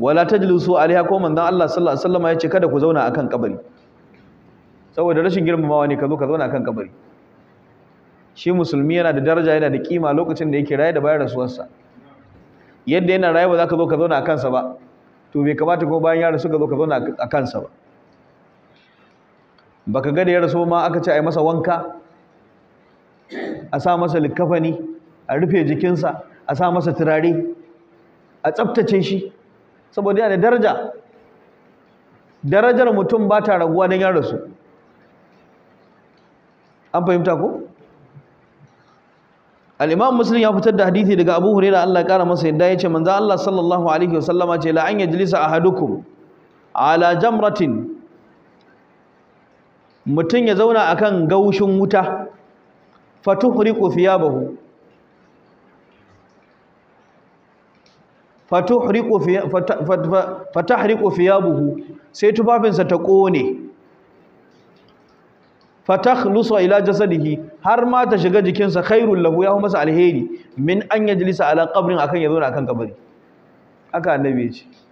wala tajlisu alaiha ko manzon Allah sallallahu alaihi wasallam ya kada ku zauna akan kabari saboda rashin girmamawa ne ka ka zauna akan kabari shi musulmi yana da daraja yana da kima lokacin da yake raye da bayan rasuwarsa yadda yana raye ba za ka zo ka zauna akan sa ba to bai kamata ko bayan ya rasu ka zo ka zauna akan sa ba baka ga da ya rasu ma aka ce a masa wanka a sa masa likafani a rufe jikinsa a sa masa turare a tsaftace shi saboda yana da daraja darajar mutum ba ta raguwa don ya rasu an fahimta ko al'imam Musulun ya fitar da hadithi daga abu huraira Allah kara masa yadda ya ce manza Allah sallallahu alaihi wasallama ce ya jilisa A ahadukum ala jamratin mutum ya zauna akan gaushin wuta fatuhriqu bahu. fatahriqu buhu sai tufafinsa ta ƙone kone nusa ila jasadihi har ma ta shiga jikinsa khairul lahu ya masa alheri min an yajlisa ala qabrin akan yazo akan kabari aka annabi ce